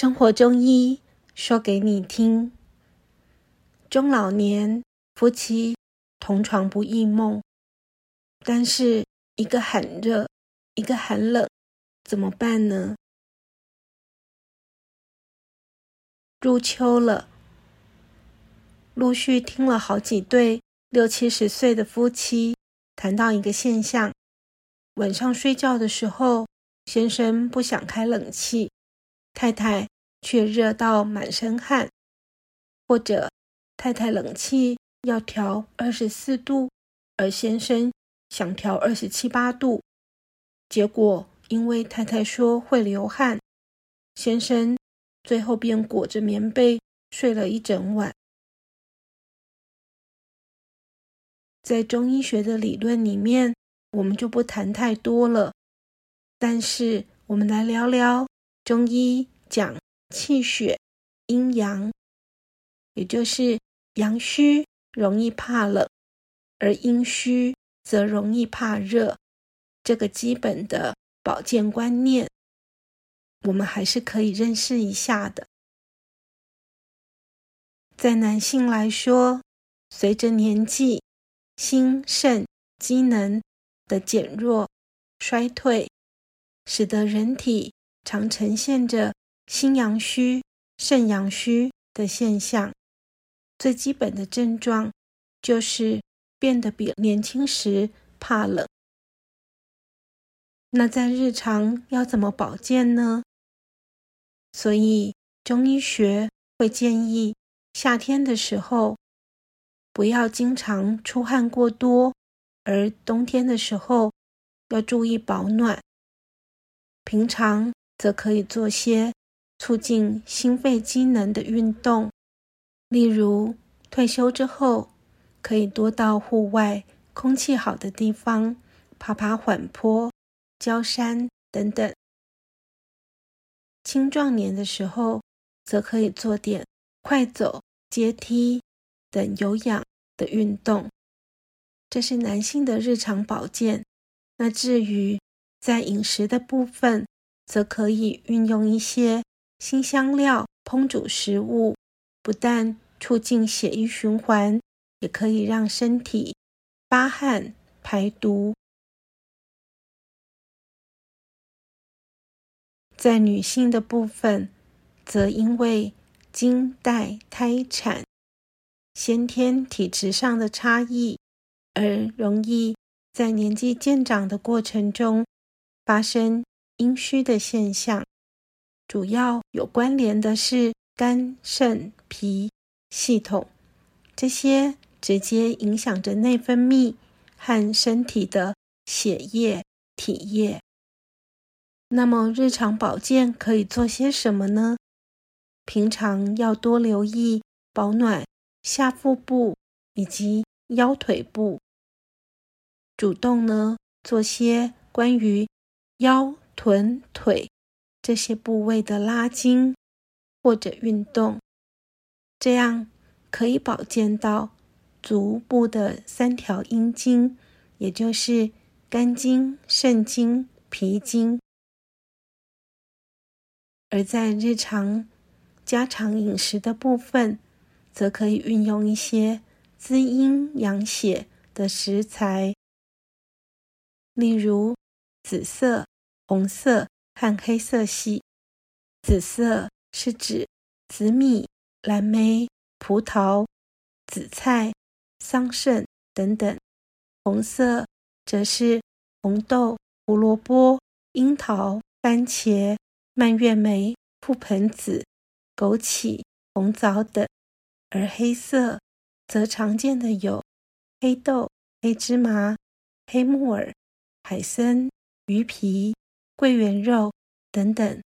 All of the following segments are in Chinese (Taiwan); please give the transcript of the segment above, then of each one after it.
生活中醫，說給你聽：中老年夫妻同床不異夢，但是一個很熱，一個很冷，怎麼辦呢？入秋了，陸續聽了好幾對六七十歲的夫妻談到一個現象：晚上睡覺的時候，先生不想開冷氣。太太卻熱到滿身汗，或者太太冷氣要調二十四度，而先生想調二十七八度，結果因為太太說會流汗，先生最後便裹着棉被睡了一整晚。在中醫學的理論裡面，我們就不談太多了，但是我們來聊聊。中醫講氣血陰陽，也就是陽虛容易怕冷，而陰虛則容易怕熱。這個基本的保健觀念，我們還是可以認識一下的。在男性來說，隨着年紀、心腎機能的減弱衰退，使得人體。常呈現着心陽虛、腎陽虛的現象，最基本的症狀就是變得比年輕時怕冷。那在日常要怎麼保健呢？所以中醫學會建議，夏天的時候不要經常出汗過多，而冬天的時候要注意保暖，平常。則可以做些促進心肺機能的運動，例如退休之後可以多到戶外空氣好的地方，爬爬緩坡、郊山等等。青壯年的時候，則可以做點快走、階梯等有氧的運動。這是男性的日常保健。那至於在飲食的部分，則可以運用一些辛香料烹煮食物，不但促進血液循環，也可以讓身體發汗排毒。在女性的部分，則因為經帶胎產，先天體質上的差異，而容易在年紀漸長的過程中發生。陰虛的現象，主要有關聯的是肝、腎、脾系統，這些直接影響着內分泌和身體的血液、體液。那麼日常保健可以做些什麼呢？平常要多留意保暖下腹部以及腰腿部，主動呢做些關於腰。臀腿這些部位的拉筋或者運動，這樣可以保健到足部的三條陰經，也就是肝經、腎經、脾經。而在日常家常飲食的部分，則可以運用一些滋陰養血的食材，例如紫色、紅色和黑色系，紫色是指紫米、藍莓、葡萄、紫菜、桑葚等等；紅色則是紅豆、胡蘿蔔、櫻桃、番茄、蔓越莓、覆盆子、枸杞、紅棗等；而黑色則常見的有黑豆、黑芝麻、黑木耳、海參、魚皮。桂圓肉等等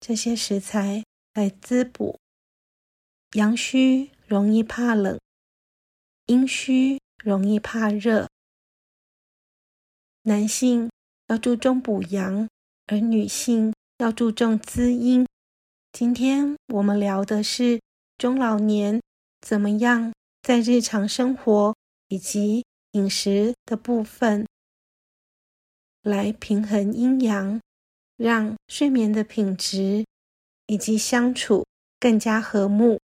這些食材來滋補。陽虛容易怕冷，陰虛容易怕熱。男性要注重補陽，而女性要注重滋陰。今天我們聊的是中老年怎麼樣在日常生活以及飲食的部分來平衡陰陽。讓睡眠的品質以及相處更加和睦。